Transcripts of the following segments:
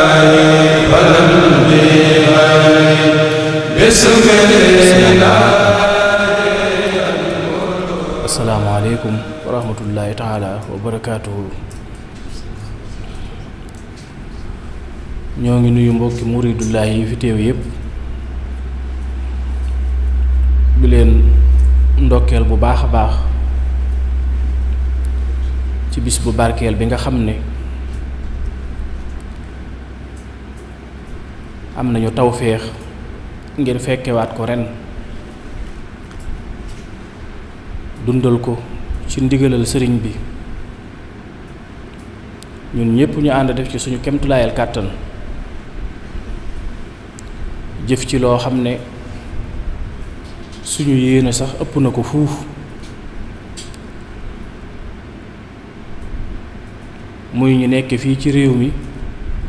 asalaamaaleykum wa rahmatullahi taala wa ñoo ngi nuyu mbokki muridullahi yi fi teew yépp di ndokkeel bu baax a baax ci bis bu barkeel bi nga xam ne am nañu tawféex ngir fekkewaat ko ren dundal ko ci ndigalal sëriñ bi ñun ñëpp ñu ànd def ci suñu kemtulaayal kàttan jëf ci loo xam ne suñu yéene sax ëpp na ko fuuf muy ñu nekk fii ci réew mi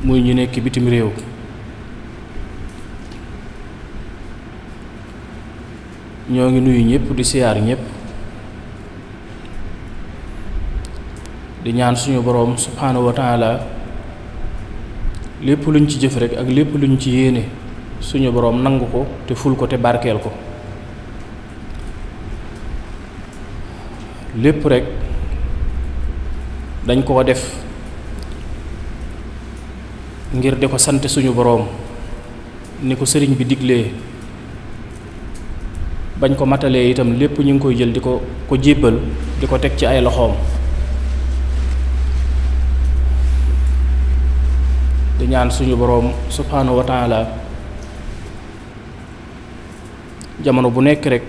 muy ñu nekk bitim réew ñoo ngi nuyu ñëpp di siyaar ñëpp di ñaan suñu boroom subhaanahu wa taala lépp luñ ci jëf rekk ak lépp luñ ci yéene suñu boroom nangu ko te ful ko te barkeel ko lépp rekk dañ koo def ngir di ko sant suñu boroom ni ko sëriñ bi diglee bañ ko matalee itam lépp ñu ngi koy jël di ko ko jébbal di ko teg ci ay loxoom di ñaan suñu boroom subhaanahu wa jamono bu nekk rek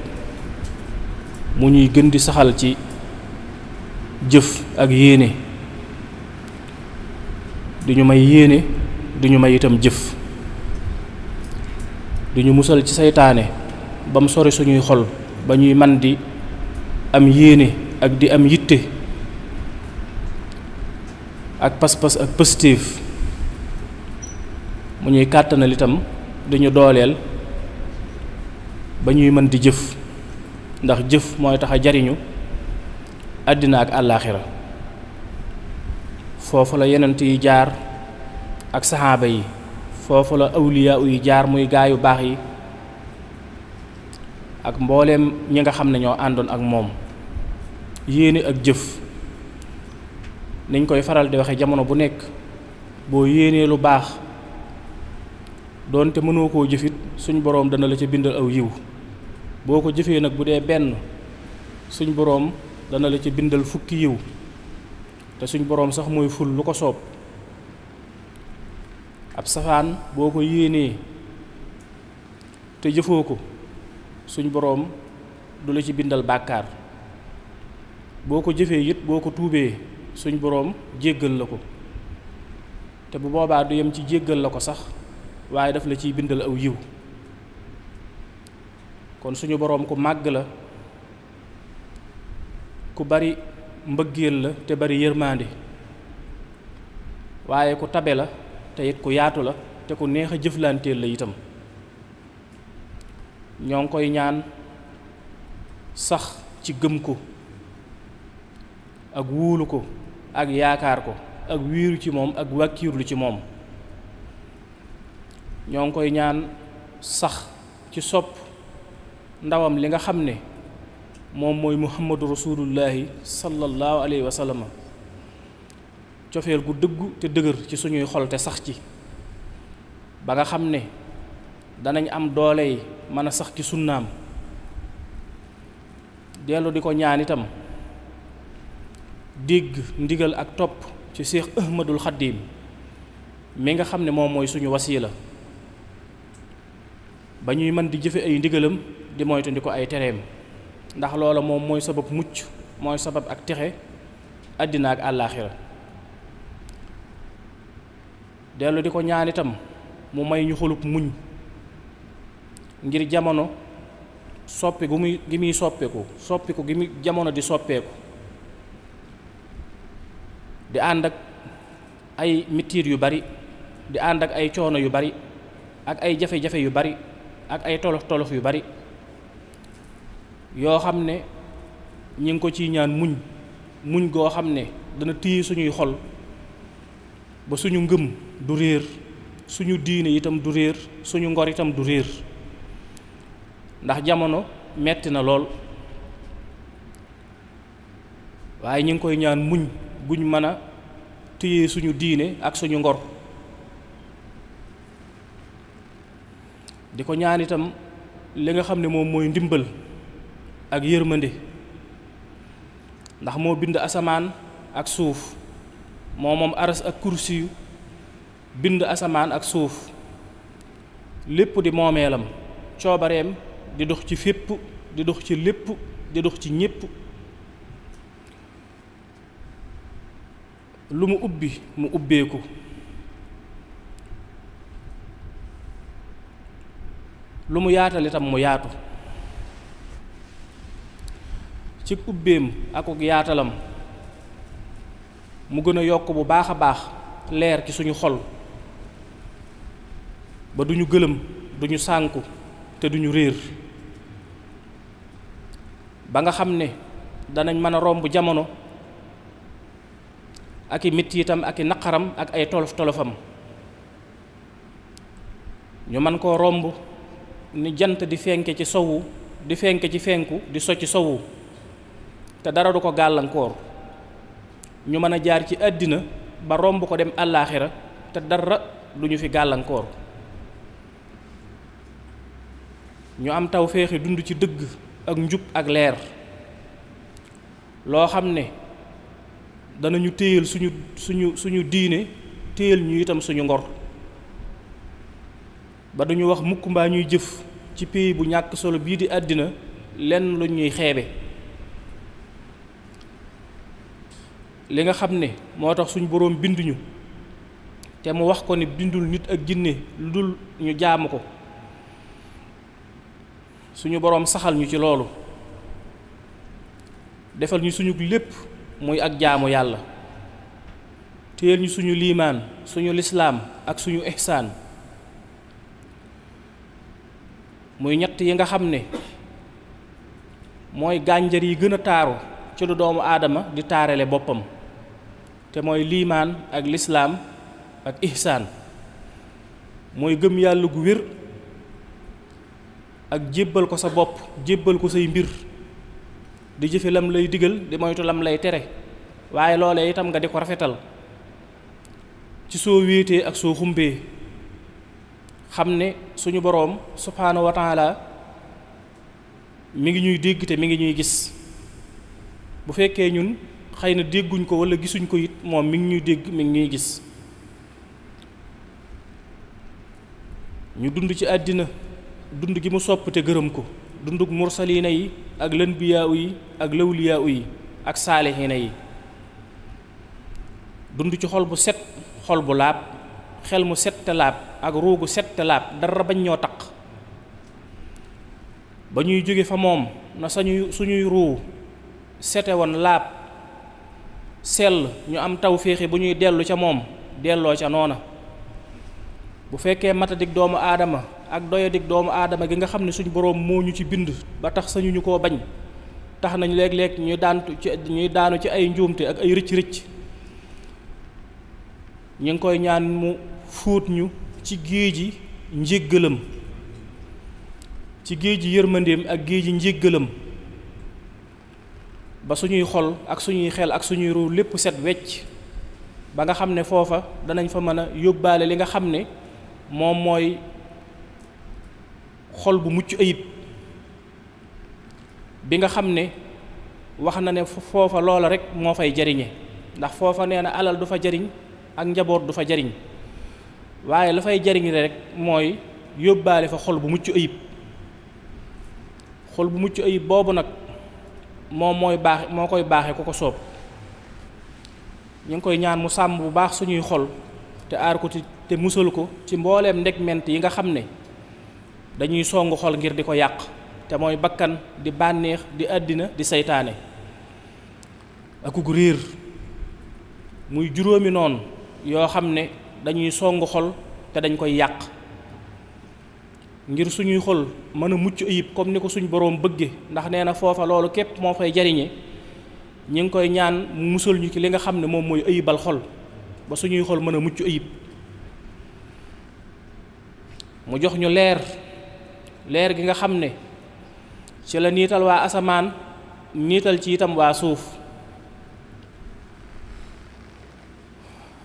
mu ñuy gën di saxal ci jëf ak yéene du ñu may yéene du ñu may itam jëf du ñu musal ci seytaane ba mu sori suñuy xol ba ñuy man di am yéene ak di am yitte ak pas-pas ak positif mu ñuy kàttanal itam dañu dooleel ba ñuy mën di jëf ndax jëf mooy tax a jariñu àddina ak àllaaxira foofu la yenent yi jaar ak saxaaba yi foofu la awliyaa yi jaar muy gaayu baax yi ak mbooleem ñi nga xam ne ñoo àndoon ak moom yéene ak jëf niñ koy faral di waxe jamono bu nekk boo yéenee lu baax doonte mënoo ko jëfit suñ boroom dana la ca bindal aw yiw boo ko jëfee nag bu dee benn suñ boroom dana la ci bindal fukki yiw te suñ boroom sax mooy ful lu ko soob ab safaan boo ko yéenee te jëfoo ko suñ boroom du la ci bindal bàkkaar boo ko jëfee it boo ko tuubee suñ boroom jéggal la ko te bu boobaa du yem ci jéggal la ko sax waaye daf la ciy bindal aw yiw kon suñu boroom ku màgg la ku bari mbëggeel la te bari yërmaande waaye ku tabe la te it ku yaatu la te ku neex a jëflanteel la itam ñoo ngi koy ñaan sax ci gëm ko ak wóolu ko ak yaakaar ko ak wiiru ci moom ak wàkkiirlu ci moom ñoo ngi koy ñaan sax ci sopp ndawam li nga xam ne moom mooy muhammadu rasulullahi sallallahu alayhi wa sallam cofeel gu dëggu te dëgër ci suñuy xol te sax ci ba nga xam ne danañ am doole yi mën a sax ci sunnaam dellu di ko ñaan itam digg ndigal ak topp ci Seex Ahmadul Xaddiim mi nga xam ne moom mooy suñu wasiila ba ñuy mën di jëfe ay ndigalam di moytundi ko ay tereem ndax loola moom mooy sabab mucc mooy sabab ak texe àddina ak àllaaxira dellu di ko ñaan itam mu may ñu xolub muñ ngir jamono soppi gu muy gi muy soppeeku soppiku gi muy jamono di soppeeku di ànd ak ay mitiir yu bari di ànd ak ay coono yu bari ak ay jafe yu bari ak ay tolof-tolof yu bari yoo xam ne ñi ngi ko ci ñaan muñ muñ goo xam ne dana téye suñuy xol ba suñu ngëm du réer suñu diine itam du réer suñu ngor itam du réer ndax jamono metti na lool waaye ñu ngi koy ñaan muñ guñ mën a téye suñu diine ak suñu ngor di ko ñaan itam li nga xam ni moom mooy ndimbal ak yërmande ndax moo bind asamaan ak suuf moo moom aras ak kursiyu bind asamaan ak suuf lépp di moomeelam coobareem di dox ci fépp di dox ci lépp di dox ci ñépp lu mu ubbi mu ubbeeku lu mu yaatal itam mu yaatu ci ubbeem akuk yaatalam mu gën a yokk bu baax a baax leer ci suñu xol ba duñu gëlëm ñu sànku te duñu réer ba nga xam ne danañ mën a romb jamono ak i mettitam ak i naqaram ak ay tolof tolofam ñu mën koo romb ni jant di fenke ci sowu di fenke ci fenku di socci sowu te dara du ko gàllankoor ñu mën a jaar ci àddina ba romb ko dem àllaaxira te dara du ñu fi gàllankoor ñu am taw féexi dund ci dëgg ak njub ak leer loo xam ne danañu téyel suñu suñu suñu diine téyel ñu itam suñu ngor ba duñu wax mukk mbaa ñuy jëf ci pays bu ñàkk solo bii di àddina lenn lu ñuy xeebe li nga xam ne moo tax suñu boroom binduñu te mu wax ko ne bindul nit ak jinne lu dul ñu jaamu ko suñu boroom saxal ñu ci loolu defal ñu suñu lépp muy ak jaamu yàlla téyel ñu suñu liimaan suñu lislaam ak suñu ihsaan muy ñett yi nga xam ne mooy gànjar yi gën a taaru ci lu doomu aadama di taarale boppam te mooy liimaan ak lislaam ak ihsaan mooy gëm yàlla gu wér ak jébbal ko sa bopp jébbal ko say mbir di jëfe lam lay digal di moytu lam lay tere waaye loole itam nga di ko rafetal ci soo wéetee ak soo xumbee xam ne suñu boroom subhaanahu wa taala mi ngi ñuy dégg te mi ngi ñuy gis bu fekkee ñun xëy na dégguñ ko walla gisuñ ko it moom mi ngi ñuy dégg mi ngi ñuy gis ñu dund ci àddina dund gi mu sopp te gërëm ko dundug mursaliina yi ak lanbiyaa yi ak lawliyaa yi ak saalihiina yi dund ci xol bu set xol bu laab xel mu set te laab ak ruugu set te laab dara bañ ñoo taq ba ñuy jóge fa moom na sañuy suñuy ruu sete woon laab sell ñu am tawféexi bu ñuy dellu ca moom delloo ca noona bu fekkee matadik doomu aadama ak doyadik doomu aadama gi nga xam ne suñ boroom moo ñu ci bind ba tax sañu koo bañ tax nañ léeg-léeg ñuy daan ci daanu ci ay njuumte ak ay rëcc ricc ñu ngi koy ñaan mu fóot ñu ci géeji njéggalam ci géeji yërmandeem ak géeji njéggalam ba suñuy xol ak suñuy xel ak suñuy ruu lépp set wecc ba nga xam ne foofa danañ fa mën a yóbbaale li nga xam ne moom mooy xol bu mucc ayib bi nga xam ne wax na ne foofa loola rek moo fay jariñe ndax foofa nee na alal du fa jariñ ak njaboot du fa jariñ waaye la fay jariñ rek mooy yóbbaale fa xol bu mucc ayib xol bu mucc ayib boobu nag moom mooy baax moo koy baaxe ku ko soob ñu ngi koy ñaan mu sàmm bu baax suñuy xol te aar ko te musal ko ci mbooleem ndeg ment yi nga xam ne dañuy songu xol ngir di ko yàq te mooy bakkan di bànneex di àddina di seytaane akug réer muy juróomi noonu yoo xam ne dañuy songu xol te dañ koy yàq ngir suñuy xol mën a mucc ayib comme ni ko suñu boroom bëgge ndax nee na foofa loolu képp moo koy jariñe ñi ngi koy ñaan mu musal ñu ci li nga xam ne moom mooy ayibal xol ba suñuy xol mën a mucc ayib mu jox ñu leer leer gi nga xam ne ci la niital waa asamaan niital ci itam waa suuf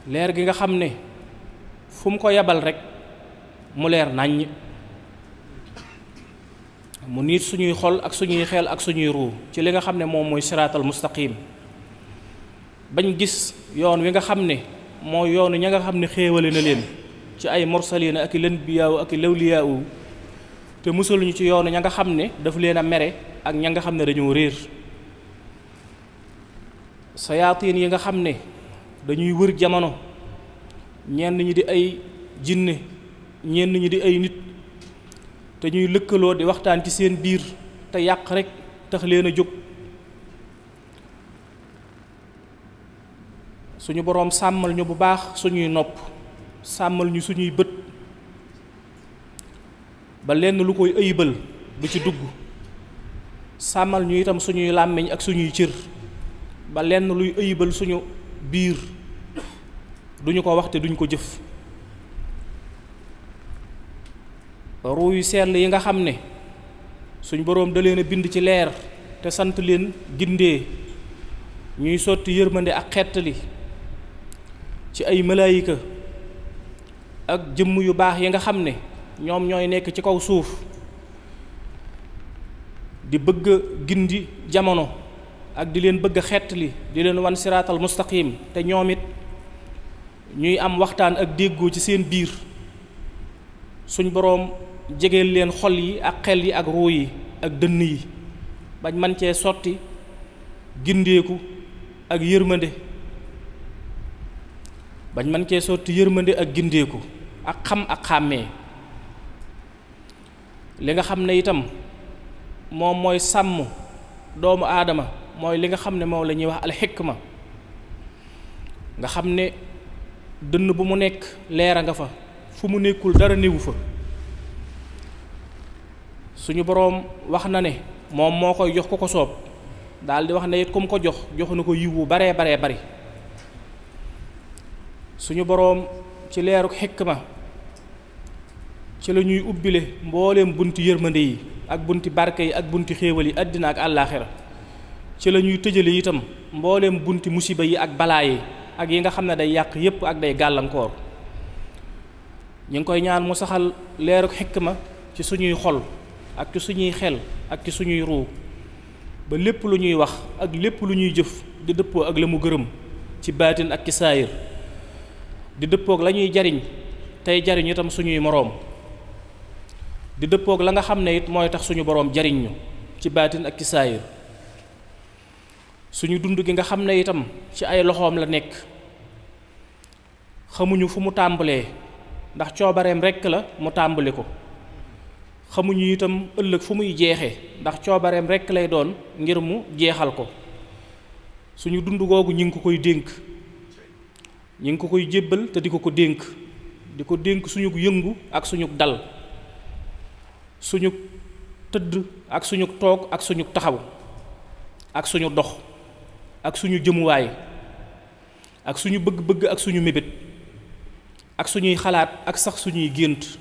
leer gi nga xam ne fu mu ko yebal rek mu leer nàññ mu niit suñuy xol ak suñuy xel ak suñuy ruu ci li nga xam ne moom mooy siraatal mustaqim bañ gis yoon wi nga xam ne mooy yoonu ña nga xam ne xéewale na leen ci ay morsalina ak i lënbiyaawu ak i lawliyaawu te musaluñu ci yoonu ña nga xam ne daf leen a mere ak ña nga xam ne dañoo réer sa sayaatin yi nga xam ne dañuy wër jamono ñenn ñi di ay jinne ñenn ñi di ay nit te ñuy lëkkaloo di waxtaan ci seen biir te yàq rek tax leen a jóg suñu boroom sàmmal ñu bu baax suñuy nopp sàmmal ñu suñuy bët ba lenn lu koy ëybal bu ci dugg sàmmal ñu itam suñuy làmmiñ ak suñuy cër ba lenn luy ëybal suñu biir duñu ko waxte te duñ ko jëf ruu yu sell yi nga xam ne suñ boroom da leen a bind ci leer te sant leen gindee ñuy sotti yërmande ak xettali ci ay malaayika ak jëmm yu baax yi nga xam ne ñoom ñooy nekk ci kaw suuf di bëgg gindi jamono ak di leen bëgg a xettali di leen wan siraatal mustaqim te ñoom it ñuy am waxtaan ak déggoo ci seen biir suñ boroom jegeel leen xol yi ak xel yi ak ruu yi ak dënn yi bañ man cee sotti gindeeku ak yërmande bañ man cee sotti yërmande ak gindeeku ak xam ak xàmmee li nga xam ne itam moom mooy sàmm doomu aadama mooy li nga xam ne moom la ñuy wax ma nga xam ne dënn bu mu nekk leera nga fa fu mu nekkul dara néewu fa suñu boroom wax na ne moom moo koy jox ku ko soob daldi wax na it ku mu ko jox jox na ko wu baree baree bari suñu boroom ci leeru leeruk ma ci la ñuy ubbile mbooleem bunti yërmande yi ak bunti barke yi ak bunti xéewal yi àddina ak àllaaxira ci la ñuy tëjale itam mbooleem bunti musiba yi ak balaa yi ak yi nga xam ne day yàq yépp ak day gàllankoor ñu ngi koy ñaan mu saxal leeruk ma ci suñuy xol ak ci suñuy xel ak ci suñuy ruu ba lépp lu ñuy wax ak lépp lu ñuy jëf di dëppoo ak la mu gërëm ci baatin ak ci saayir di dëppoog la ñuy jariñ tey jariñ itam suñuy moroom di dëppook la nga xam ne it mooy tax suñu boroom jariñ ñu ci baatin ak ci saayir suñu dund gi nga xam ne itam ci ay loxoom la nekk xamuñu fu mu tàmbalee ndax coobareem rekk la mu tàmbali ko xamuñu itam ëllëg fu muy jeexe ndax coobareem rekk lay doon ngir mu jeexal ko suñu dund googu ñi ngi ko koy dénk ñi ngi ko koy jébbal te di ko ko dénk di ko dénk suñu yëngu ak suñu dal suñu tëdd ak suñu toog ak suñu taxaw ak suñu dox ak suñu jëmuwaay ak suñu bëgg-bëgg ak suñu mébét ak suñuy xalaat ak sax suñuy gént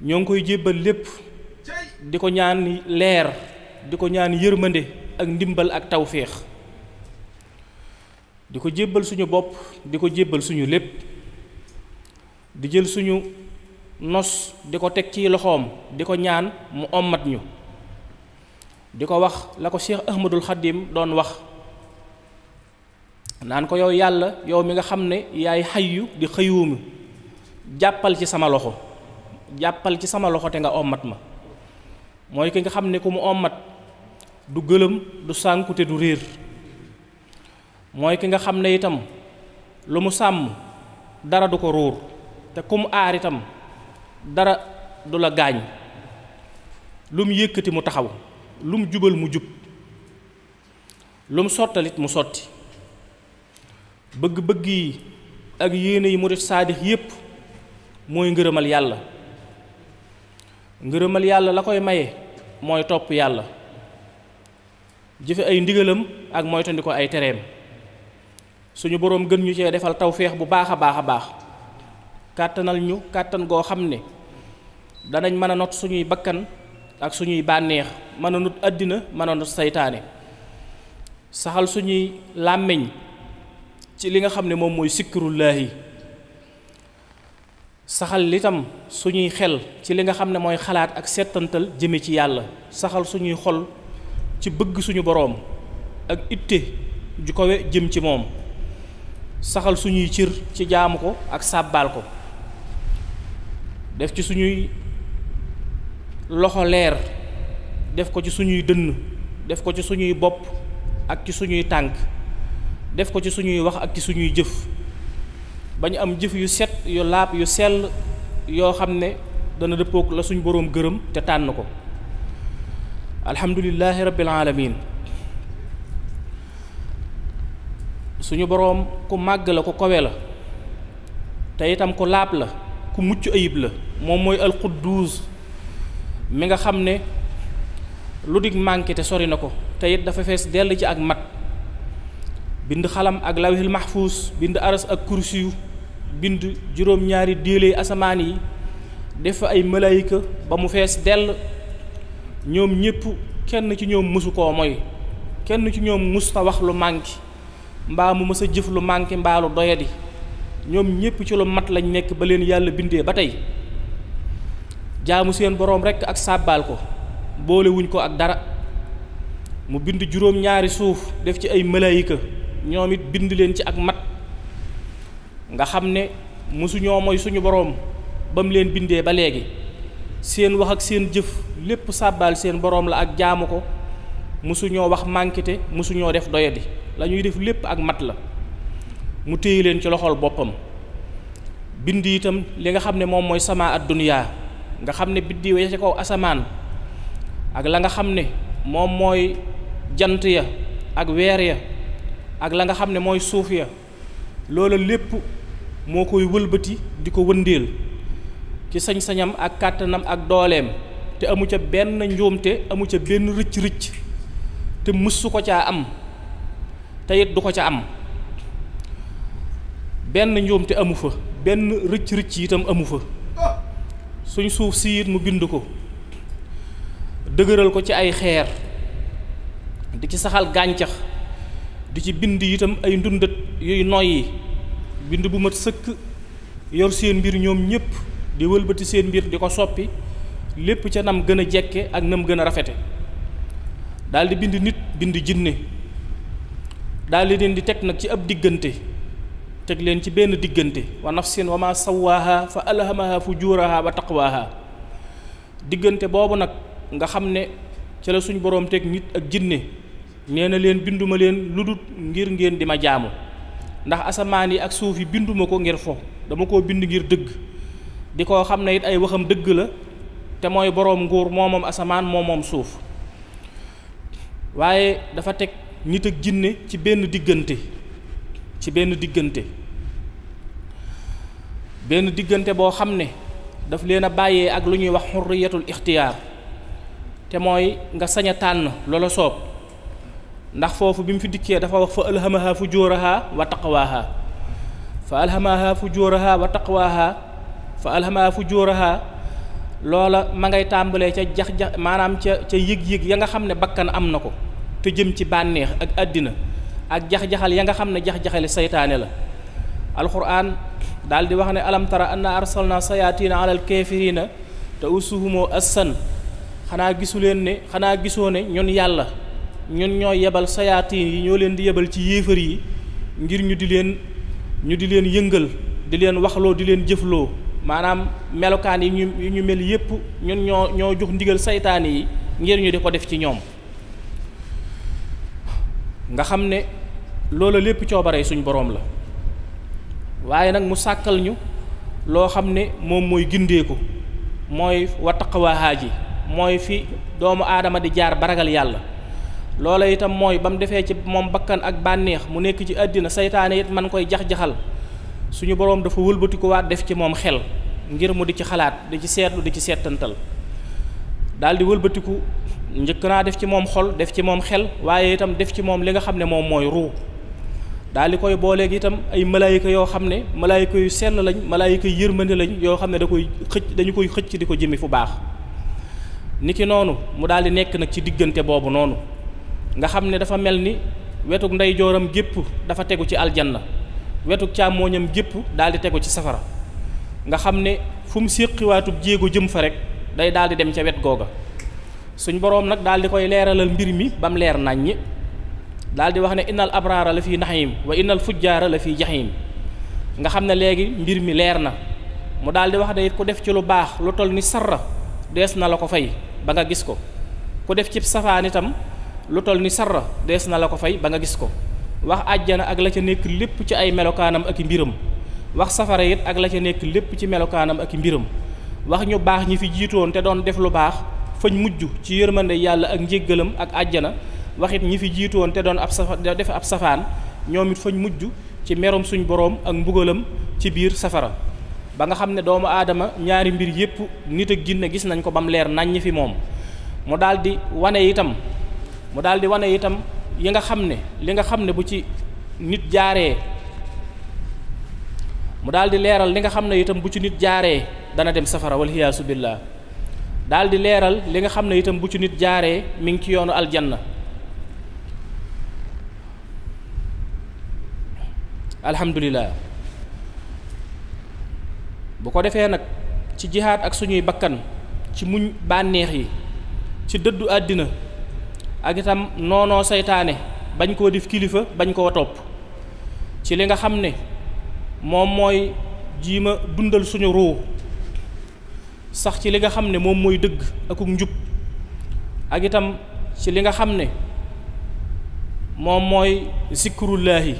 ñoo ngi koy jébbal lépp di ko ñaan leer di ko ñaan yërmande ak ndimbal ak tawféex di ko jébbal suñu bopp di ko jébbal suñu lépp di jël suñu nos di ko teg ci loxoom di ko ñaan mu ommat ñu di ko wax la ko Cheikh Ahmadul Xadim doon wax naan ko yow yàlla yow mi nga xam ne yaay xayyu di xëyuumi jàppal ci sama loxo jàppal ci sama loxo te nga ommat ma mooy ki nga xam ne ku mu ommat du gëlëm du sànku te du réer mooy ki nga xam ne itam lu mu sàmm dara du ko ruur te ku mu aar itam dara du la gaañ lu mu yëkkati mu taxaw lu jubal mu jub lu mu sottalit mu sotti bëgg-bëgg yi ak yéene yi murit saadix yépp mooy ngërëmal yàlla ngërëmal yàlla la koy maye mooy topp yàlla jëfe ay ndigalam ak moytandi ay tereem suñu boroom gën ñu cee defal tawféex bu baax a baax a baax kàttanal ñu kàttan goo xam ne danañ mën a not suñuy bakkan ak suñuy bànneex mën a not àddina mën a not saytaane saxal suñuy làmmiñ ci li nga xam ne moom mooy sikkirullaahi saxal li tam suñuy xel ci li nga xam ne mooy xalaat ak settantal jëme ci yàlla saxal suñuy xol ci bëgg suñu boroom ak itte ju kowe jëm ci moom saxal suñuy cir ci jaamu ko ak sàbbaal ko def ci suñuy loxo leer def ko ci suñuy dënn def ko ci suñuy bopp ak ci suñuy tànk def ko ci suñuy wax ak ci suñuy jëf ba am jëf yu set yu laab yu sell yoo xam ne dana dëppook la suñu boroom gërëm te tànn ko alhamdulillahi rabbil alamin suñu boroom ku màgg la ku kowe la te itam ku laab la ku mucc ayib la moom mooy alquddus mi nga xam ne lu dig manqué te sori na ko te it dafa fees dell ci ak mat bind xalam ak lawhil mahfuus bind aras ak kursiyu bind juróom-ñaari déelee asamaan yi def ay malaayika ba mu fees dell ñoom ñëpp kenn ci ñoom mësu koo mooy kenn ci ñoom mës ta wax lu manqué mbaa mu mësa a jëf lu manqué mbaa lu doyadi ñoom ñëpp ci lu mat lañ nekk ba leen yàlla bindee ba tey jaamu seen boroom rekk ak sàbbaal ko boolewuñ ko ak dara mu bind juróom-ñaari suuf def ci ay malaayika ñoom it bind leen ci ak mat nga xam ne mosuñoo mooy suñu boroom ba mu leen bindee ba léegi seen wax ak seen jëf lépp sàbbaal seen boroom la ak jaamu ko mosuñoo wax mànkite mosuñoo def doyadi la ñuy def lépp ak mat la mu téye leen ci loxol boppam bind itam li nga xam ne moom mooy sama ad duniyaa nga xam ne biddiw ya ca kaw asamaan ak la nga xam ne moom mooy jant ya ak weer ya ak la nga xam ne mooy suuf ya loola lépp moo koy wëlbati di ko wëndeel ci sañ-sañam ak kàttanam ak dooleem te amu ca benn njuumte amu ca benn rëcc-rëcc te mussu ko caa am te du ko ca am benn njuumte amu fa benn rëcc-rëcc itam amu fa suñ suuf si mu bind ko dëgëral ko ci ay xeer di ci saxal gàncax di ci bind itam ay ndundat yuy noyyi bind bu mat sëkk yor seen mbir ñoom ñépp di wëlbati seen mbir di ko soppi lépp ca nam gën a jekke ak nam gën a rafete daldi bind nit bind jinne daldi leen di teg nag ci ab diggante teg leen ci benn diggante wa nafsin wa ma sawaaha fa alhamaha fujuraha wa taqwaha diggante boobu nag nga xam ne ci la suñ boroom teg nit ak jinne nee na leen binduma leen lu dul ngir ngeen di ma jaamu ndax asamaan yi ak suuf yi binduma ko ngir fo dama ko bind ngir dëgg di koo xam ne it ay waxam dëgg la te mooy borom nguur moo moom asamaan moo moom suuf waaye dafa teg nit ak jinne ci benn diggante ci benn diggante benn diggante boo xam ne daf leen a bàyyee ak lu ñuy wax xurriyatul ixtiyaar te mooy nga saña a tànn loola soob ndax foofu bi mu fi dikkee dafa wax fa alhamaha fujuuraha wa taqwaaha fa alhamaha fujuuraha wa taqwaaha fa alhamaha loola ma ngay tàmbalee ca jax jax maanaam ca ca yëg-yëg ya nga xam ne bakkan am na ko te jëm ci bànneex ak àddina ak jax-jaxal ya nga xam ne jax-jaxali saytaane la alquran daal di wax ne alam tara anna arsalna sayatina alal kafirina te usuhumoo assan xanaa gisu leen ne xanaa gisoo ne ñun yàlla ñun ñoo yebal sayaatiin yi ñoo leen di yebal ci yéefar yi ngir ñu di leen ñu di leen yëngal di leen waxloo di leen jëfloo maanaam melokaan yi ñu yi ñu mel yépp ñun ñoo ñoo jox ndigal saytaane yi ngir ñu di ko def ci ñoom nga xam ne loola lépp coobare suñu boroom la waaye nag mu sàkkal ñu loo xam ne moom mooy gindeeku mooy wa ji mooy fi doomu aadama di jaar baragal yàlla loola itam mooy ba mu defee ci moom bakkan ak bànneex mu nekk ci àddina seytaane it man koy jax-jaxal suñu boroom dafa wëlbatikuwaat def ci moom xel ngir mu di ci xalaat di ci seetlu di ci seetantal daal di wëlbatiku njëkk naa def ci moom xol def ci moom xel waaye itam def ci moom li nga xam ne moom mooy ruu daal di koy booleeg itam ay malaayika yoo xam ne malaayika yu senn lañ malaayika yu yërmande lañ yoo xam ne da koy xëcc dañu koy xëcc di ko jëmi fu baax ki noonu mu daal di nekk nag ci diggante boobu noonu nga xam ne dafa mel ni wetug ndeyjooram gépp dafa tegu ci aljanna wetug càmmooñam gépp daal di tegu ci safara nga xam ne fu mu séqiwaatub jéego jëm fa rek day daal di dem ca wet googa suñ boroom nag daal di koy leeralal mbir mi ba mu leer naññi daal di wax ne innal abraara la fi naxiim wa innal fujjaara la fi jaxiim nga xam ne léegi mbir mi leer na mu daal di wax ne it ku def ci lu baax lu toll ni sarra dees na la ko fay ba nga gis ko ku def ci safaan itam lu toll ni sarra dees na la ko fay ba nga gis ko wax àjjana ak la ca nekk lépp ci ay melokaanam ak i mbiram wax safara it ak la ca nekk lépp ci melokaanam ak mbiram wax ñu baax ñi fi jiitoon te doon def lu baax fañ mujj ci yërmande yàlla ak njéggalam ak àjjana waxit ñi fi jiitoon te doon ab safa ab safaan ñoom it fañ mujj ci merom suñ boroom ak mbugalam ci biir safara ba nga xam ne doomu aadama ñaari mbir yépp nit ak ginne gis nañ ko ba mu leer nàññi fi moom mu daldi wane itam mu daal di wane itam yi nga xam ne li nga xam ne bu ci nit jaaree mu daal di leeral li nga xam ne itam bu ci nit jaaree dana dem safara wal hiyaasu billaah daal leeral li nga xam ne itam bu ci nit jaaree mi ngi ci yoonu aljanna alhamdulilah bu ko defee nag ci jihaad ak suñuy bakkan ci muñ bànneex yi ci dëddu àddina ak itam noonoo seytaane bañ koo def kilifa bañ koo topp ci li nga xam ne moom mooy jiima dundal suñu ruuw sax ci li nga xam ne moom mooy dëgg akuk njub ak itam ci li nga xam ne moom mooy zikrullaahi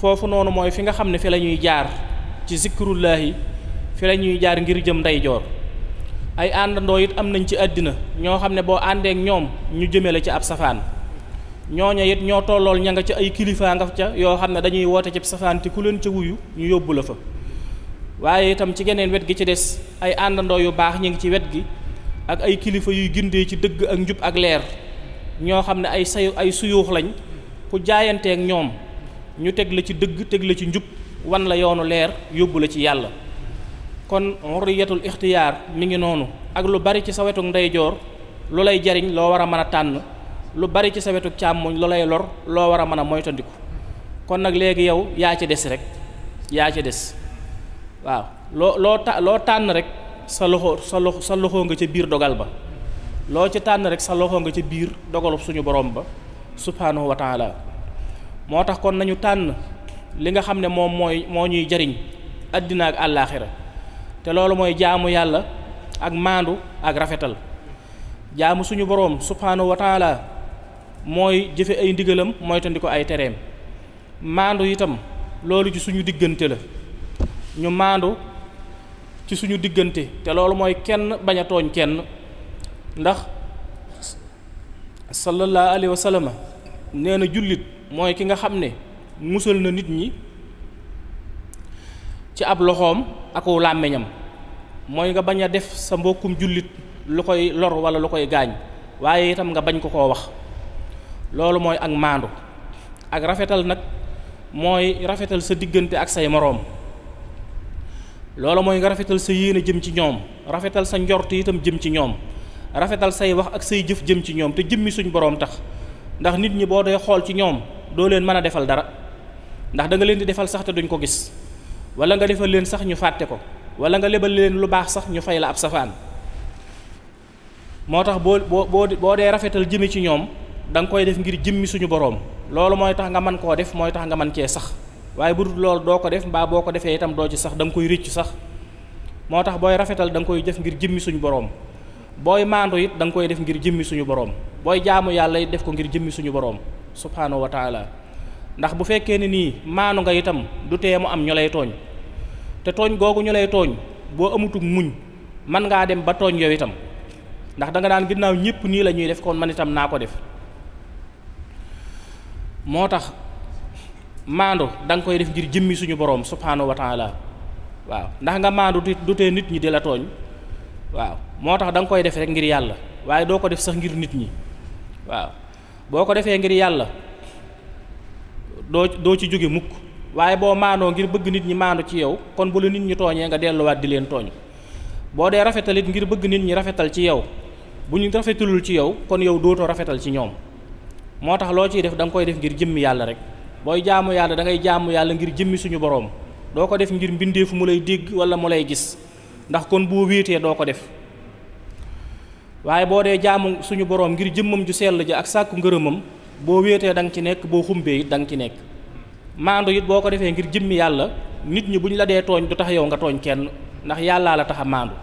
foofu noonu mooy fi nga xam ne fi lañuy jaar ci zikrullaahi fi la ñuy jaar ngir jëm ndeyjoor ay àndandoo it am nañ ci àddina ñoo xam ne boo àndeek ñoom ñu jëme la ci ab safaan ñooña it ñoo tollool ña nga ca ay kilifa nga ca yoo xam ne dañuy woote ci safaanti ku leen ca wuyu ñu yóbbu la fa waaye itam ci geneen wet gi ci des ay àndandoo yu baax ñu ngi ci wet gi ak ay kilifa yuy gindee ci dëgg ak njub ak leer ñoo xam ne ay say ay suyuux lañ ku jaayanteek ñoom ñu teg la ci dëgg teg la ci njub wan la yoonu leer yóbbu la ci yàlla kon hurriyatul ixtiyaar mi ngi noonu ak lu bari ci sa wetu ndeyjoor lu lay jariñ loo war a mën a tànn lu bari ci sa wetu càmmoñ lu lay lor loo war a mën a moytandiku kon nag léegi yow yaa ci des rek yaa ci des waaw loo loo tànn rek sa loxo sa loxo sa loxo nga ca biir dogal ba loo ci tànn rek sa loxo nga ca biir dogalub suñu boroom ba subhaanahu wa taala moo tax kon nañu tànn li nga xam ne moom mooy moo ñuy jariñ àddina ak àllaaxira te loolu mooy jaamu yàlla ak maandu ak rafetal jaamu suñu borom subhaanahu wa mooy jëfe ay ndigalam moytandi ko ay tereem maandu itam loolu ci suñu diggante la ñu maandu ci suñu diggante te loolu mooy kenn bañ a tooñ kenn ndax sallallahu alayhi wa nee na jullit mooy ki nga xam ne musal na nit ñi ci ab loxoom aku làmmiñam mooy nga bañ a def sa mbokkum jullit lu koy lor wala lu koy gaañ waaye itam nga bañ ko koo wax loolu mooy ak maandu ak rafetal nag mooy rafetal sa diggante ak say moroom loolu mooy nga rafetal sa yéene jëm ci ñoom rafetal sa njort itam jëm ci ñoom rafetal say wax ak say jëf jëm ci ñoom te jëmmi suñ boroom tax ndax nit ñi boo dee xool ci ñoom doo leen mën a defal dara ndax danga leen di defal sax te duñ ko gis wala nga defal leen sax ñu fàtte ko wala nga lebal leen lu baax sax ñu fay la ab safaan moo tax boo boo boo boo dee rafetal jëme ci ñoom. danga koy def ngir jimmi suñu boroom loolu mooy tax nga man koo def mooy tax nga man cee sax waaye bu dul loolu doo ko def mbaa boo ko defee itam doo ci sax danga koy ricc sax moo tax booy rafetal da nga koy def ngir jimmi suñu boroom booy maandu yit da nga koy def ngir jimmi suñu boroom booy jaamu yàlla def ko ngir jimmi suñu boroom subhaanahu wa taala ndax bu fekkee ne nii maanu nga itam du teemu am ñu lay tooñ te tooñ googu ñu lay tooñ boo amutug muñ mën ngaa dem ba tooñ yow itam ndax da nga daan ginnaaw ñëpp nii la ñuy def kon man itam naa ko def moo tax maandu danga koy def ngir jëmmi suñu boroom subhaanahu wa waaw ndax nga maandu du tee nit ñi di la tooñ waaw moo tax danga koy def rek ngir yàlla waaye doo ko def sax ngir nit ñi waaw boo ko defee ngir yàlla doo doo ci jóge mukk waaye boo maandoo ngir bëgg nit ñi maandu ci yow kon bu la nit ñi tooñee nga delluwaat di leen tooñ boo dee rafetalit ngir bëgg nit ñi rafetal ci yow bu ñu rafetalul ci yow kon yow dootoo rafetal ci ñoom moo tax loo ciy def da nga koy def ngir jëmmi yàlla rek booy jaamu yàlla da jaamu yàlla ngir jëmmi suñu boroom doo ko def ngir mbindeef mu lay dégg wala mu lay gis ndax kon boo wéetee doo ko def waaye boo dee jaamu suñu boroom ngir jëmmam ju sell ja ak sàkku ngërëmam boo wéetee da nga ci nekk boo xumbee it da nga ci nekk maandu it boo ko defee ngir jëmmi yàlla nit ñi buñ la dee tooñ du tax yow nga tooñ kenn ndax yàllaa la tax a maandu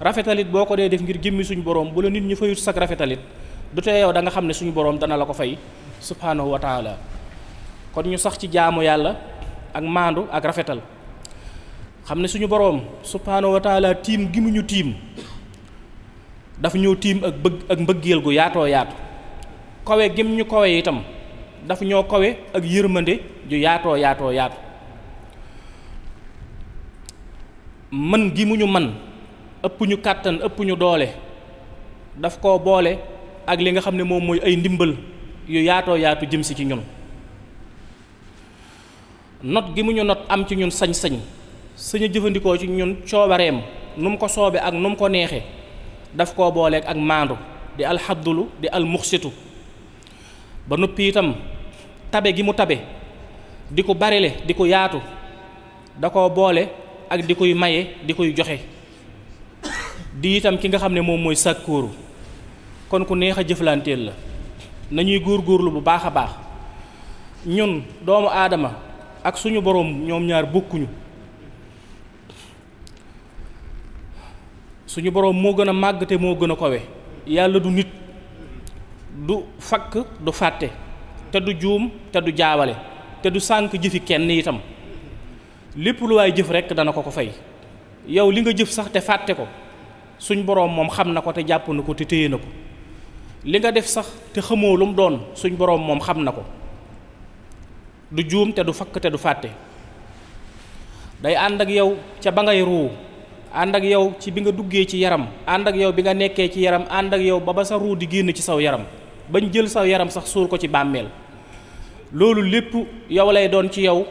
rafetalit boo ko dee def ngir jëmmi suñu boroom bu nit ñi fayut sag rafetalit du tee yow da nga xam ne suñu boroom dana la ko fay subhaanahu wa kon ñu sax ci jaamu yàlla ak maandu ak rafetal xam ne suñu boroom subhaanahu wa tiim gi mu ñu tiim dafa ñëw tiim ak bëgg ak mbëggeel gu yaatoo yaatu kawe gim ñu kawe itam dafa ñoo kawe ak yërmande yaatoo yaatoo yaatu mën gi mu ñu mën ëpp ñu kàttan ëpp ñu doole daf ko boole ak li nga xam ne moom mooy ay ndimbal yu yaatoo yaatu jëm si ci ñun not gi mu ñu not am ci ñun sañ-sañ suñu jëfandikoo ci ñun coobareem nu mu ko soobe ak nu mu ko neexe daf koo booleeg ak maandu di alxabdulu di almuxsitu ba noppi itam tabe gi mu tabe di ko barile di ko yaatu da koo boole ak di koy maye di koy joxe di itam ki nga xam ne moom mooy sàkkóoru kon ku neex a jëflanteel la nañuy góorlu bu baax a baax ñun doomu aadama ak suñu boroom ñoom ñaar bokkuñu suñu boroom moo gën a màgg te moo gën a kowe yàlla du nit du fakk du fàtte te du juum te du jaawale te du sànk jëfi kenn itam lépp lu waaye jëf rekk dana ko ko fay yow li nga jëf sax te fàtte ko suñu boroom moom xam na ko te jàpp na ko te téye na ko li nga def sax te xamoo lu doon suñ boroom moom xam na ko du juum te du fakk te du fàtte day ànd ak yow ca ba ngay ruu ànd ak yow ci bi nga duggee ci yaram ànd ak yow bi nga nekkee ci yaram ànd ak yow ba ba sa ruu di génn ci saw yaram bañ jël saw yaram sax suur ko ci bàmmeel loolu lépp yow lay doon ci yow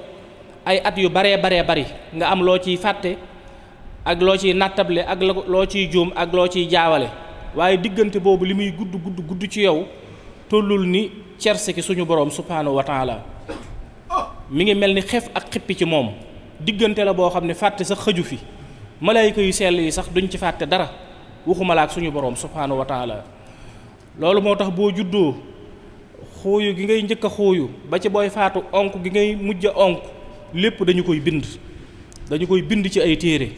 ay at yu baree baree bari nga am loo ciy fàtte ak loo ciy nattable ak loo ciy juum ak loo ciy jaawale waaye diggante boobu li muy gudd gudd gudd ci yow tollu ni cerse suñu borom subhaanahu wa taala mi ngi mel ni xef ak xippi ci moom diggante la boo xam ne fàtte sa xëju fi malayka yu sell yi sax duñ ci fàtte dara waxuma suñu borom subhaanahu wa taala loolu moo tax boo juddoo xooyu gi ngay njëkk a xooyu ba ci booy faatu onk gi ngay mujj a onk lépp dañu koy bind dañu koy bind ci ay téere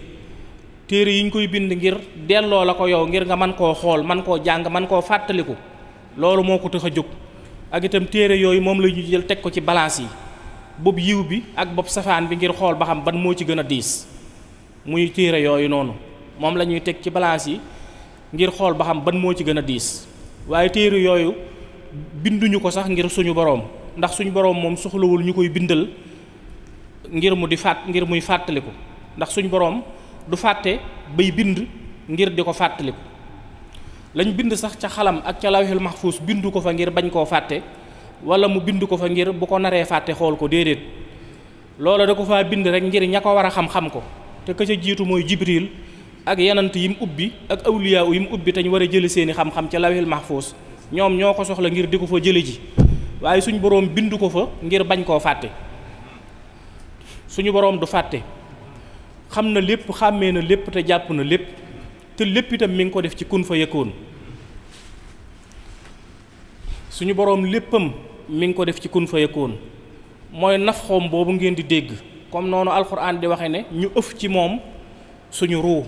téere yi ñu koy bind ngir delloo la ko yow ngir nga man koo xool man koo jàng man koo fàttaliku loolu moo ko tax a jóg ak itam téere yooyu moom la ñu jël teg ko ci balance yi bopp yiw bi ak bopp safaan bi ngir xool ba xam ban moo ci gën a diis muy téere yooyu noonu moom la ñuy teg ci balance yi ngir xool ba ban moo ci gën a diis waaye téere yooyu binduñu ko sax ngir suñu boroom ndax suñu boroom moom soxlawul ñu koy bindal ngir mu di fàtt ngir muy fàttaliku ndax suñu boroom du fàtte bay bind ngir di ko fàttaliku lañ bind sax ca xalam ak ca lawhil mahfuus bindu ko fa ngir bañ koo fàtte wala mu bindu ko fa ngir bu ko naree fàtte xool ko déedéet loola da ko faa bind rek ngir ña ko war a xam-xam ko te ka ca jiitu mooy jibril ak yenent yi mu ubbi ak awliyaa yi mu ubbi te ñu war a jëli seeni xam-xam ca lawhil mahfuus ñoom ñoo ko soxla ngir di ko fa jële ji waaye suñu boroom bindu ko fa ngir bañ koo fàtte suñu boroom du fàtte xam na lépp xàmmee na lépp te jàpp na lépp te lépp itam mi ngi ko def ci kun fa yëkkoon suñu boroom léppam mi ngi ko def ci kun fa yëkkoon mooy naf xoom boobu ngeen di dégg comme noonu alxuraan di waxe ne ñu ëf ci moom suñu ruu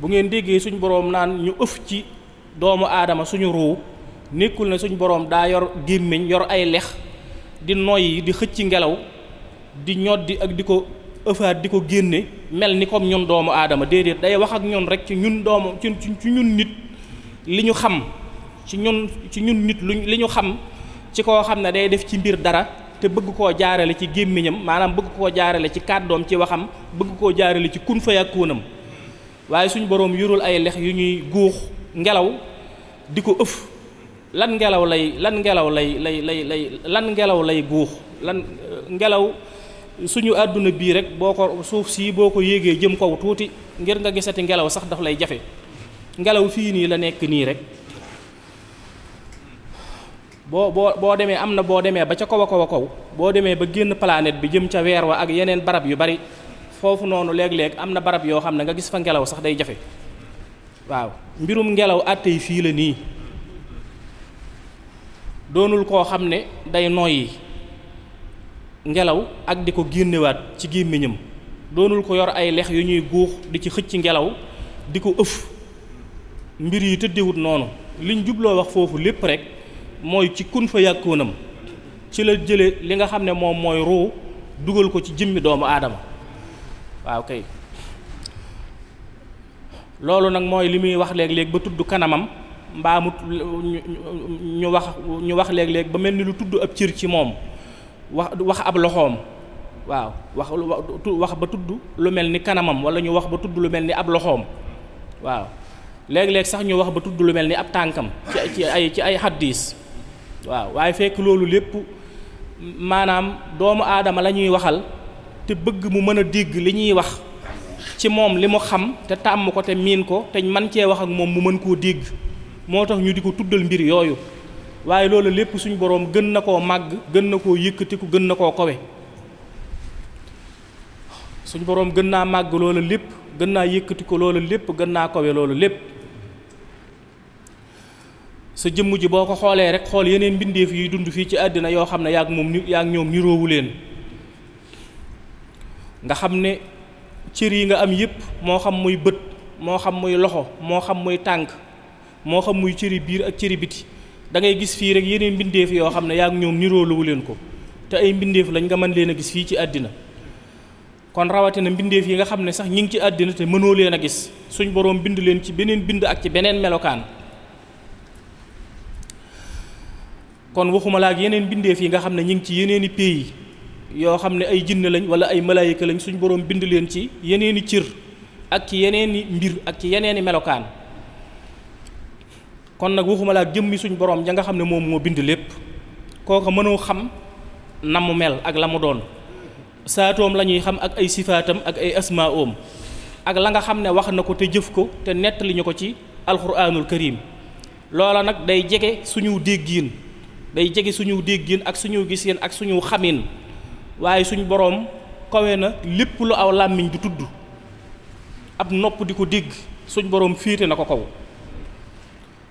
bu ngeen déggee suñu boroom naan ñu ëf ci doomu aadama suñu ruu nekkul ne suñu boroom daa yor gémmiñ yor ay lex di noyyi di xëcc ngelaw di ñoddi ak di ko ëffaat di ko génne mel ni comme ñun doomu aadama déedéet day wax ak ñun rek ci ñun doomu ci ci ñun nit li ñu xam ci ñun ci ñun nit luñ li ñu xam ci koo xam ne day def ci mbir dara te bëgg koo jaarale ci gémmiñam maanaam bëgg koo jaarale ci kàddoom ci waxam bëgg koo jaarale ci kun fa yàkkoonam waaye suñ boroom yorul ay lex yu ñuy guux ngelaw di ko ëf lan ngelaw lay lan ngelaw lay lay lay lay lan ngelaw lay guux lan euh, ngelaw suñu àdduna bii rek boo ko suuf sii boo ko yéegee jëm kaw tuuti ngir nga gisati ngelaw sax daf lay jafe ngelaw fii nii la nekk nii rek boo boo boo demee am na boo demee ba ca kaw a kaw a kow boo demee ba génn planète bi jëm ca weer wa ak yeneen barab yu bari foofu noonu léeg-léeg am na barab yoo xam ne nga gis fa ngelaw sax day jafe waaw mbirum ngelaw àttey fii la nii doonul koo xam ne day noyyi ngelaw ak di ko génnewaat ci gémmiñam doonul ko yor ay lex yu ñuy guux di ci xëcc ngelaw di ko ëf mbir yi tëddewut noonu liñ jubloo wax foofu lépp rek mooy ci kun fa yàkkoonam ci la jële li nga xam ne moom mooy ruu dugal ko ci jëmmi doomu aadama waaw kay loolu nag mooy li muy wax léeg-léeg ba tudd kanamam mbaa mu ñu wax ñu wax léeg-léeg ba mel ni lu tudd ab cër ci moom wax wax ab loxoom waaw wax wax ba tudd lu mel ni kanamam wala ñu wax ba tudd lu mel ni ab loxoom waaw léeg-léeg sax ñu wax ba tudd lu mel ni ab tànkam ci ay ci ay waaw waaye fekk loolu lépp maanaam doomu aadama la ñuy waxal te bëgg mu mën a dégg li ñuy wax ci moom li mu xam te tàmm ko te miin ko te man cee wax ak moom mu mën koo dégg moo tax ñu di ko tuddal mbir yooyu waaye loolu lépp suñu boroom gën na koo màgg gën na koo ko gën na koo kowe suñu boroom gën naa màgg loolu lépp gën naa ko loolu lépp gën naa kowe loolu lépp sa jëmm ji boo ko xoolee rek xool yeneen mbindeef yuy dund fii ci àddina yoo xam ne yaag moom yaag ñoom niroowu leen nga xam ne cër yi nga am yépp moo xam muy bët moo xam muy loxo moo xam muy tànk moo xam muy cëri biir ak cëri biti da ngay gis fii rek yeneen mbindeef yoo xam ne yaa ñoom nirooluwu leen ko te ay mbindeef lañ nga mën leen a gis fii ci àddina kon rawatina mbindéef yi nga xam ne sax ñi ngi ci àddina te mënoo leen a gis suñ boroom bind leen ci beneen bind ak ci beneen melokaan kon waxuma la yeneen mbindeef yi nga xam ne ñi ngi ci yeneeni pays yoo xam ne ay jinne lañ wala ay malaayika lañ suñ boroom bind leen ci yeneeni cir ak ci yeneeni mbir ak ci yeneeni melokaan kon nag waxuma laa jëmmi suñu borom ja nga xam ne moom moo bind lépp kooko mënoo xam na mu mel ak la mu doon saatoom la ñuy xam ak ay sifaatam ak ay asmaoom ak la nga xam ne wax na ko te jëf ko te nettali ñu ko ci alxuraanul karim loola nag day jege suñu déggiin day jege suñu déggiin ak suñu giseen ak suñu xamin waaye suñu boroom kawe na lépp lu aw làmmiñ du tudd ab nopp di ko dégg suñ boroom féete na ko kaw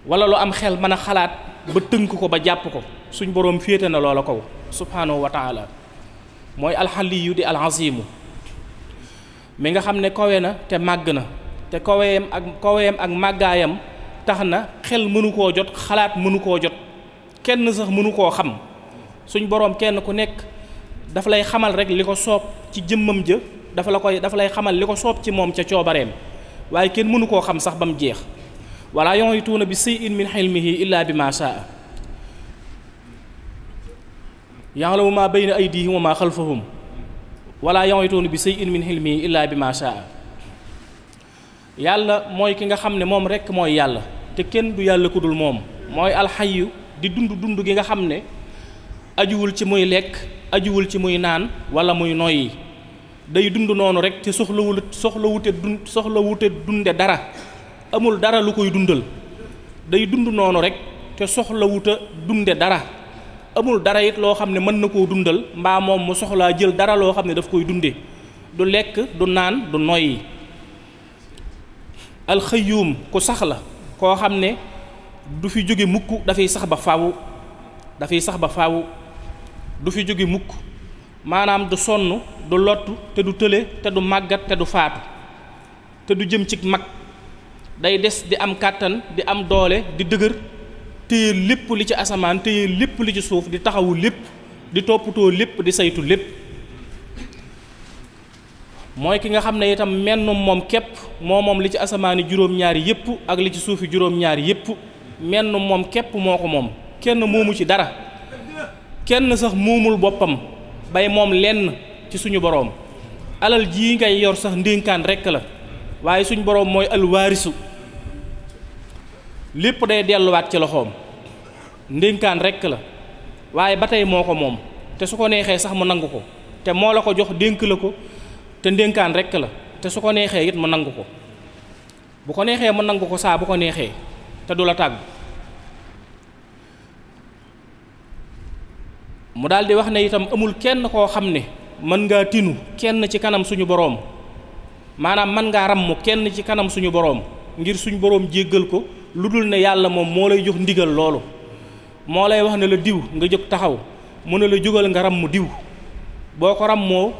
wala lu am xel mën a xalaat ba tënk ko ba jàpp ko suñ boroom féete na loola kaw subhaanahu wa taala mooy alxali yu di alazimu mi nga xam ne kowe na te màgg na te kaweem ak kaweem ak màggaayam tax na xel mënu koo jot xalaat mënu koo jot kenn sax mënu koo xam suñ boroom kenn ku nekk dafa lay xamal rek li ko soob ci jëmmam ja dafa la koy dafa lay xamal li ko soob ci moom ca coobareem waaye kenn mënu koo xam sax ba mu jeex wala yuhituuna bi shay'in min ilmihi illa bi ma shaa ya'lamu ma bayna aydihim wa ma xalfahum wala yuhituuna bi shay'in min ilmihi illa bi ma shaa yàlla mooy ki nga xam ne moom rekk mooy yàlla te kenn du yàlla ku dul moom mooy alxayu di dund dund gi nga xam ne ajuwul ci muy lekk ajuwul ci muy naan wala muy noyyi day dund noonu rekk te soxlawul soxlawute dun soxlawute dunde dara amul dara lu koy dundal day dund noonu rek te soxlawut dunde dara amul dara it loo xam ne mën na koo dundal mbaa moom mu soxlaa jël dara loo xam ne daf koy dunde du lekk du naan du noyyi alxëyuum ku sax la koo xam ne du fi jóge mukk dafay sax ba faw dafay sax ba faw du fi jóge mukk maanaam du sonn du lottu te du tële te du màggat te du faatu te du jëm ci mag day des di am kàttan di am doole di dëgër téye lépp li ci asamaan téye lépp li ci suuf di taxawu lépp di toppatoo lépp di saytu lépp mooy ki nga xam ne itam mennum moom képp moo moom li ci asamaani juróom-ñaari yépp ak li ci suufi juróom-ñaari yépp mennum moom képp moo ko moom kenn moomu ci dara kenn sax moomul boppam bay moom lenn ci suñu boroom alal jii ngay yor sax ndénkaan rekk la waaye suñu boroom mooy alwaarisu lépp day delluwaat ci loxoom ndénkaan rekk la waaye ba tey moo ko moom te su ko neexee sax mu nangu ko te moo la ko jox dénk la ko te ndénkaan rekk la te su ko neexee it mu nangu ko bu ko neexee mu nangu ko saa bu ko neexee te du la tàggu mu daldi wax ne itam amul kenn koo xam ne mën ngaa tinu kenn ci kanam suñu boroom maanaam mën ngaa ràmm kenn ci kanam suñu boroom ngir suñu boroom jéggal ko lu dul ne yàlla moom moo lay jox ndigal loolu moo lay wax ne la diw nga jóg taxaw mën ne la jógal nga ram mu diw boo ko ram moo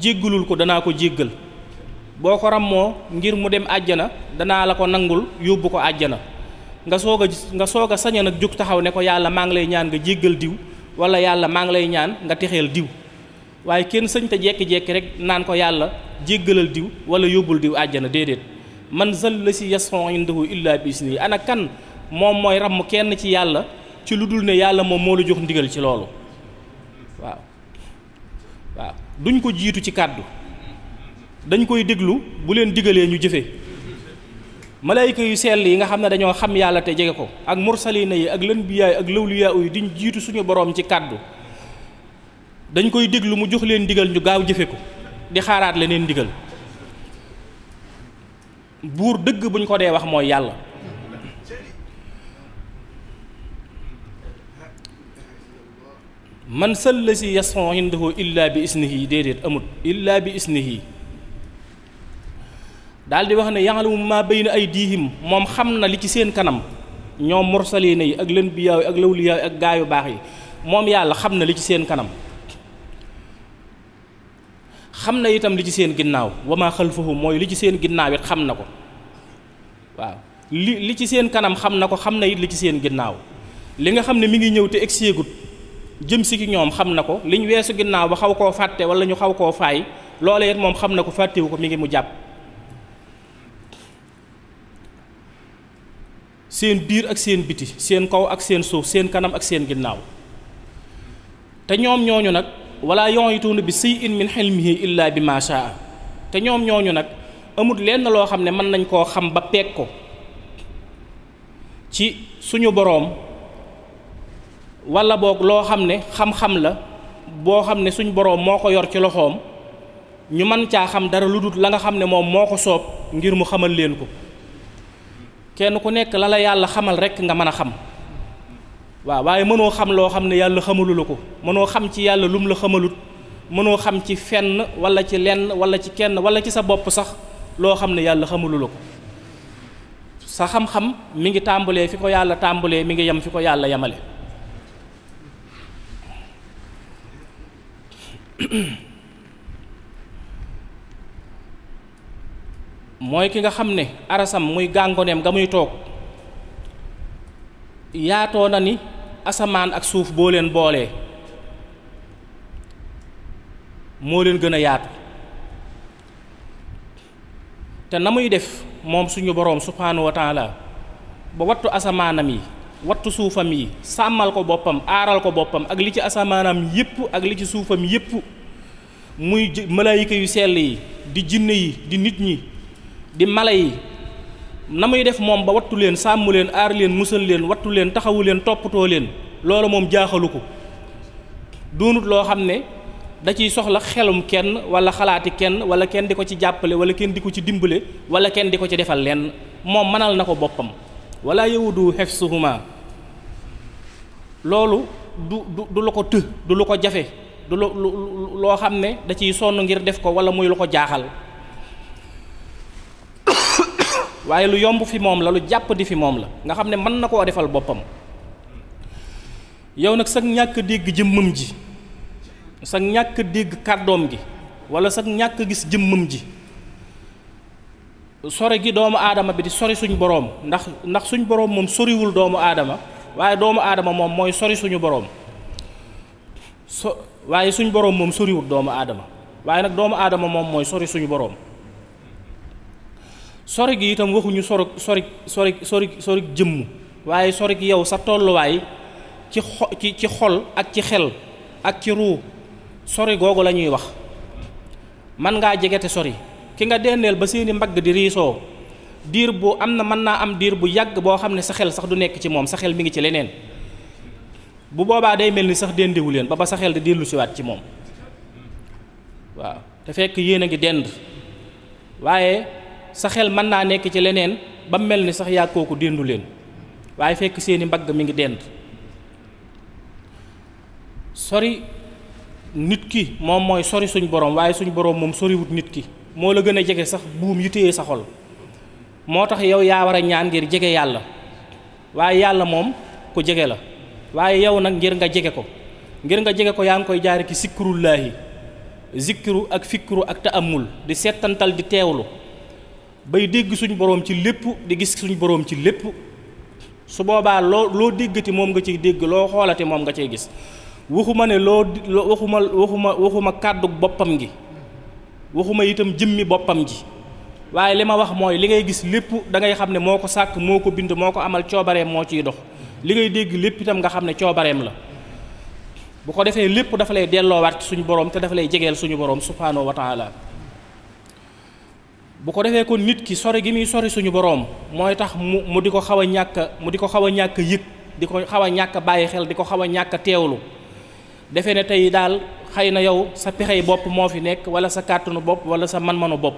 jéggalul ko danaa ko jéggal boo ko ram ngir mu dem àjjana danaa la ko nangul yóbbu ko àjjana nga soog a nga soog a saña nag jóg taxaw ne ko yàlla maa ngi lay ñaan nga jéggal diw wala yàlla maa ngi lay ñaan nga texeel diw waaye kenn sëñ te jekki-jekki rek naan ko yàlla jéggalal diw wala yóbbul diw àjjana déedéet man zal la si yasron indahu illa bi isni ana kan moom mooy ramm kenn ci yàlla ci lu dul ne yàlla moom moo la jox ndigal ci loolu waaw duñ ko jiitu ci kàddu dañ koy déglu bu leen digalee ñu jëfe malayka yu sell yi nga xam ne dañoo xam yàlla te jege ko ak mursalina yi ak lanbiyaay ak lawliyaa yi diñ jiitu suñu boroom ci kàddu dañ koy déglu mu jox leen digal ñu gaaw jëfe ko di xaaraat leneen ndigal buur dëgg buñ ko dee wax mooy yàlla man salla si yasfon indahu illa bi isnihi déedéet amut illa bi isnihi daal di wax ne ya'lamu ma bayna aydihim moom xam na li ci seen kanam ñoom mursaliina yi ak lënbiyaaw yi ak lawliyaaw yi ak gaayu baax yi moom yàlla xam na li ci seen kanam xam na itam li ci seen ginnaaw wama xalfahu mooy li ci seen ginnaaw it xam na ko waaw li li ci seen kanam xam na ko xam na it li ci seen ginnaaw li nga xam ne mi ngi ñëw te egseegut jëm si ki ñoom xam na ko liñ weesu ginnaaw ba xaw koo fàtte wala ñu xaw koo faay loolee it moom xam na ko fàttewu ko mu ngi mu jàpp seen biir ak seen biti seen kaw ak seen suuf seen kanam ak seen ginnaaw te ñoom ñooñu nag yon yi yuhituuna bi shay'in min ilmihi illa bi ma shaa te ñoom ñooñu nag amut lenn loo xam ne mën nañ koo xam ba peeg ko ci suñu boroom wala boog loo xam ne xam-xam la boo xam ne suñu boroom moo ko yor ci loxoom ñu mën caa xam dara lu dul la nga xam ne moom moo ko soob ngir mu xamal leen ko kenn ku nekk la la yàlla xamal rekk nga mën a xam waaw waaye mënoo xam loo xam ne yàlla xamalu ko mënoo xam ci yàlla lum la xamalut mënoo xam ci fenn walla ci lenn wala ci kenn wala ci sa bopp sax loo xam ne yàlla xamalu ko sa xam-xam mi ngi tàmbalee fi ko yàlla tàmbalee mi ngi yem fi ko yàlla yemale mooy ki nga xam ne arasam muy gàngoneem nga muy toog yaatoo na ni asamaan ak suuf boo leen boolee moo leen gën a yaatu te na muy def moom suñu boroom subhaanahu ba wattu asamaanam yi wattu suufam yi sàmmal ko boppam aaral ko boppam ak li ci asamaanam yépp ak li ci suufam yépp muy malaayika yu sell yi di jinne yi di nit ñi di mala yi na muy def moom ba wattu leen sàmmu leen aar leen musal leen wattu leen taxawu leen toppatoo leen loolu moom jaaxalu ko doonut loo xam ne da ciy soxla xelum kenn wala xalaati kenn wala kenn di ko ci jàppale wala kenn di ko ci dimbale wala kenn di ko ci defal lenn moom mënal na ko boppam wala yawudu hifsuhuma loolu du du lu ko të du lu ko jafe du lu loo xam ne da ciy sonn ngir def ko wala muy lu ko jaaxal waaye lu yomb fi moom la lu jàpp di fi moom la nga xam ne mën na koo defal boppam yow nag sag ñàkk dégg jëmmam ji sag ñàkk dégg kàddoom gi wala sag ñàkk gis jëmmam ji sore gi doomu aadama bi di sori suñu boroom ndax ndax suñu boroom moom soriwul doomu aadama waaye doomu aadama moom mooy sori suñu boroom so waaye suñu boroom moom soriwul doomu aadama waaye nag doomu aadama moom mooy sori suñu boroom sori gi itam waxuñu sorog sori sori sori sori jëmm waaye sori gi yow sa tolluwaay ci ci ci xol ak ci xel ak ci ruu sori googu la ñuy wax man ngaa jege te sori ki nga dendeel ba seeni mbagg di riisoo diir bu am na mën naa am diir bu yàgg boo xam ne sa xel sax du nekk ci moom sa xel mi ngi ci leneen bu boobaa day mel ni sax dendiwu leen ba ba sa xel di dellu siwaat ci moom waaw te fekk yéen a ngi dend waaye sa xel mën naa nekk ci leneen ba mel ni sax yaa kooku dendu leen waaye fekk seeni mbagg mi ngi dend sori nit ki moom mooy sori suñ borom waaye suñ borom moom soriwut nit ki moo la gën a jege sax buum yu téye sa xol moo tax yow yaa war a ñaan ngir jege yàlla waaye yàlla moom ku jege la waaye yow nag ngir nga jege ko ngir nga jege ko yaa ngi koy jaare ki sikkirullaahi zikkiru ak fikkiru ak ta'ammul di seetantal di teewlu bay dégg suñu boroom ci lépp di gis suñu boroom ci lépp su boobaa loo loo déggati moom nga ciy dégg loo xoolati moom nga cee gis waxuma ne loo waxuma waxuma waxuma kàddu boppam ngi waxuma itam jëmmi boppam ji waaye li ma wax mooy li ngay gis lépp dangay xam ne moo ko sàkk moo ko bind moo ko amal coobareem moo ciy dox li ngay dégg lépp itam nga xam ne coobareem la bu ko defee lépp dafa lay delloowaat ci suñu boroom te dafa lay jegeel suñu boroom subhaanahu wa bu ko defee kon nit ki sore gi muy sore suñu boroom mooy tax mu mu di ko xaw a ñàkk mu di ko xaw a ñàkk yëg di ko xaw a ñàkk bàyyi xel di ko xaw a ñàkk teewlu defe ne tey daal xëy na yow sa pexey bopp moo fi nekk wala sa kàttanu bopp wala sa man-manu bopp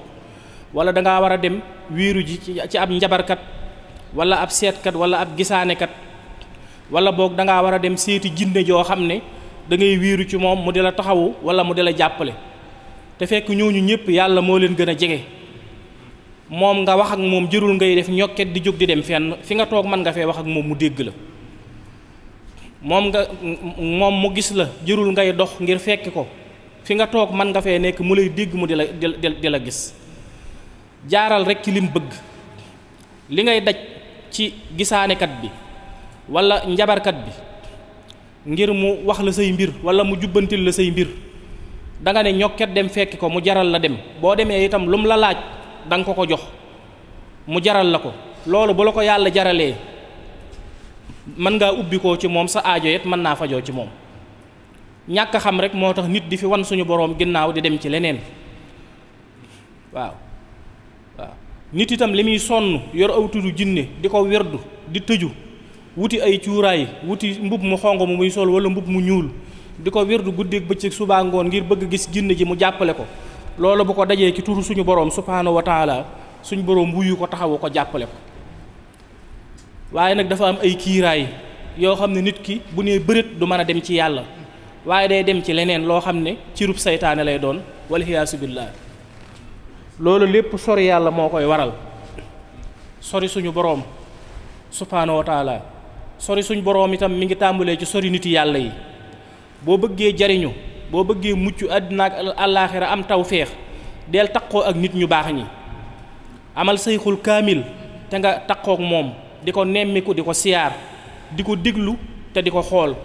wala da ngaa war a dem wiiru ji ci ab njabarkat wala ab seetkat wala ab gisaanekat wala boog da ngaa war a dem seeti jinne joo xam ne dangay wiiru ci moom mu di la taxawu wala mu di la jàppale te fekk ñooñu ñëpp yàlla moo leen gën a jege. moom nga wax ak moom jërul ngay def ñokket di jóg di dem fenn fi nga toog man nga fee wax ak moom mu dégg la moom nga moom mu gis la jërul ngay dox ngir fekk ko fi nga toog mën nga fee nekk mu lay dégg mu di la di la gis jaaral rek ci lim bëgg li ngay daj ci gisaanekat bi walla njabarkat bi ngir mu wax la say mbir walla mu jubbantil la say mbir danga ne ñokket dem fekki ko mu jaral la dem boo demee itam lum la laaj danga nga ko ko jox mu jaral la ko loolu bu la ko yàlla jaralee mën ngaa ubbi koo ci moom sa aajo it mën naa fajoo ci moom ñàkk a xam rek moo tax nit di fi wan suñu boroom ginnaaw di dem ci leneen waaw waaw nit itam li muy sonn yor aw tuddu di ko wirdu di tëju wuti ay cuuraay wuti mbub mu xong mu muy sol wala mbubb mu ñuul di ko werdu guddeeg bëccëg subaa ngoon ngir bëgg gis jinne ji mu jàppale ko loolu bu ko dajee ci tur suñu borom subhaanahu wa suñu borom wuyu ko taxawu ko jàppale ko waaye nag dafa am ay kiiraay yoo xam ne nit ki bu nee bëreet du mën a dem ci yàlla waaye day dem ci leneen loo xam ne ci rub saytaane lay doon walxiyaasu billaah loolu lépp sori yàlla moo koy waral sori suñu boroom subhaanahu wa sori suñu boroom itam mi ngi tàmbalee ci sori nit yàlla yi boo bëggee jariñu boo bëggee mucc àddina ak àllaaxira am tawféex del taqoo ak nit ñu baax ñi amal sayxul kaamil te nga taqook moom di ko nemmiku di ko siyaar di ko diglu te di ko xool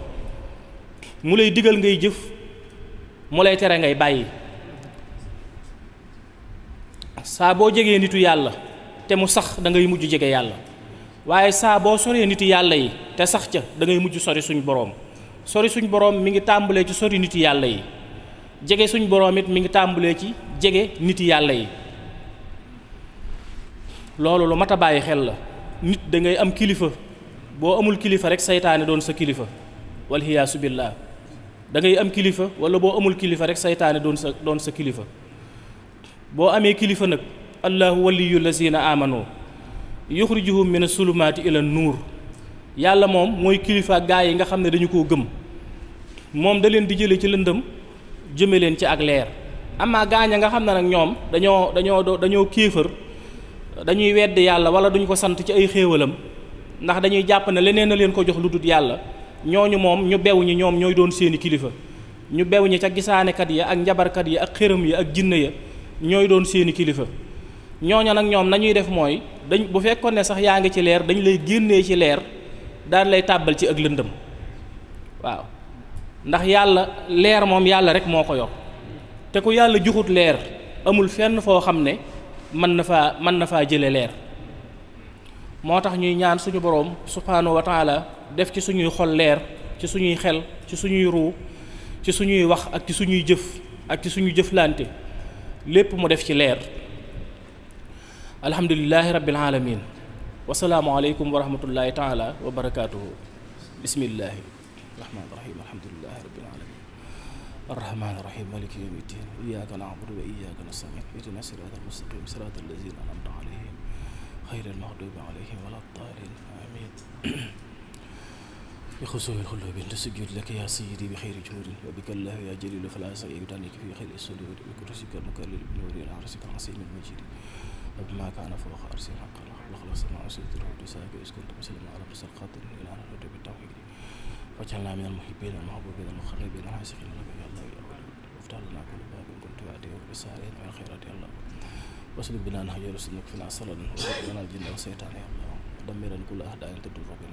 mu lay digal ngay jëf mu lay tere ngay bàyyi saa boo jegee nitu yàlla te mu sax dangay mujj jege yàlla waaye saa boo soree nitu yàlla yi te sax ca da ngay mujj sori suñu borom sori suñu boroom mi ngi tàmbalee ci sori nit yàlla yi jege suñu boroom it mi ngi tàmbalee ci jege nit yàlla yi loolu lu mat a bàyyi xel la nit dangay am kilifa boo amul kilifa rek seytaane doon sa kilifa walhiyaasu billaah da am kilifa wala boo amul kilifa rek saytaane doon sa doon sa kilifa boo amee kilifa nag allahu waliyyu lazina amanu yuxrijuhum mina sulumaati ila nuur yàlla moom mooy kilifa gaa yi nga xam ne dañu ko gëm moom da leen di jële ci lëndam jëme leen ci ak leer amaa gaaña nga xam ne nag ñoom dañoo dañoo dañoo kéefër dañuy wedd yàlla wala duñu ko sant ci ay xéewalam ndax dañuy jàpp ne leneen na leen ko jox lu dut yàlla ñooñu moom ñu bew ñi ñoom ñooy doon seeni kilifa ñu bew ñi ca gisaanekat ya ak njabarkat ya ak xërëm ya ak jinne ya ñooy doon seeni kilifa ñooña nag ñoom nañuy def mooy dañ bu fekkoon ne sax yaa ngi ci leer dañ lay génnee ci leer daan lay tàbbal ci ak lëndam waaw ndax yàlla leer moom yàlla rek moo ko yor te ku yàlla juxut leer amul fenn foo xam ne mën na faa mën na faa jële leer moo tax ñuy ñaan suñu boroom subhaanahu wa def ci suñuy xol leer ci suñuy xel ci suñuy ruu ci suñuy wax ak ci suñuy jëf ak ci suñuy jëflante lépp mu def ci leer alhamdulillahi rabbil alamin wasalaamualeykum wa rahmatullahi taala wa barakaatuhu bismillahi rahmaani rahim alhamdulilahi rabbil alamin arrahmaani rahim maliki yawmi ddin iyyaka na'budu wa iyyaka nasta'in ihdina siratal mustaqim siratal lazina an'amta alayhim xayril maxdubi alayhim wala ddaalin amin bi xusuuril xulubi tasjud laka yaa sayyidi bi xayri juhudin wa bika llahu yaa jalilu fala sa'iba taniki fi xayri suduri bi kutusika al mukallal bi nuuri arsika al azim al majid wa bima kaana fawqa arsi haqa والسمع وسيد الروح لسانك إذ كنت مسلما على قصر خاطر إلى أن نؤتي بالتوحيد واجعلنا من المحبين والمحبوبين المقربين العاشقين لك يا الله يا أولي وافتح لنا كل باب كنت يأتيه بسهره من الخيرات يا الله واسلك بنا نهج رسلك فينا صلا وخذ لنا الجن والشيطان يا الله ودمر كل أعداء تدور بنا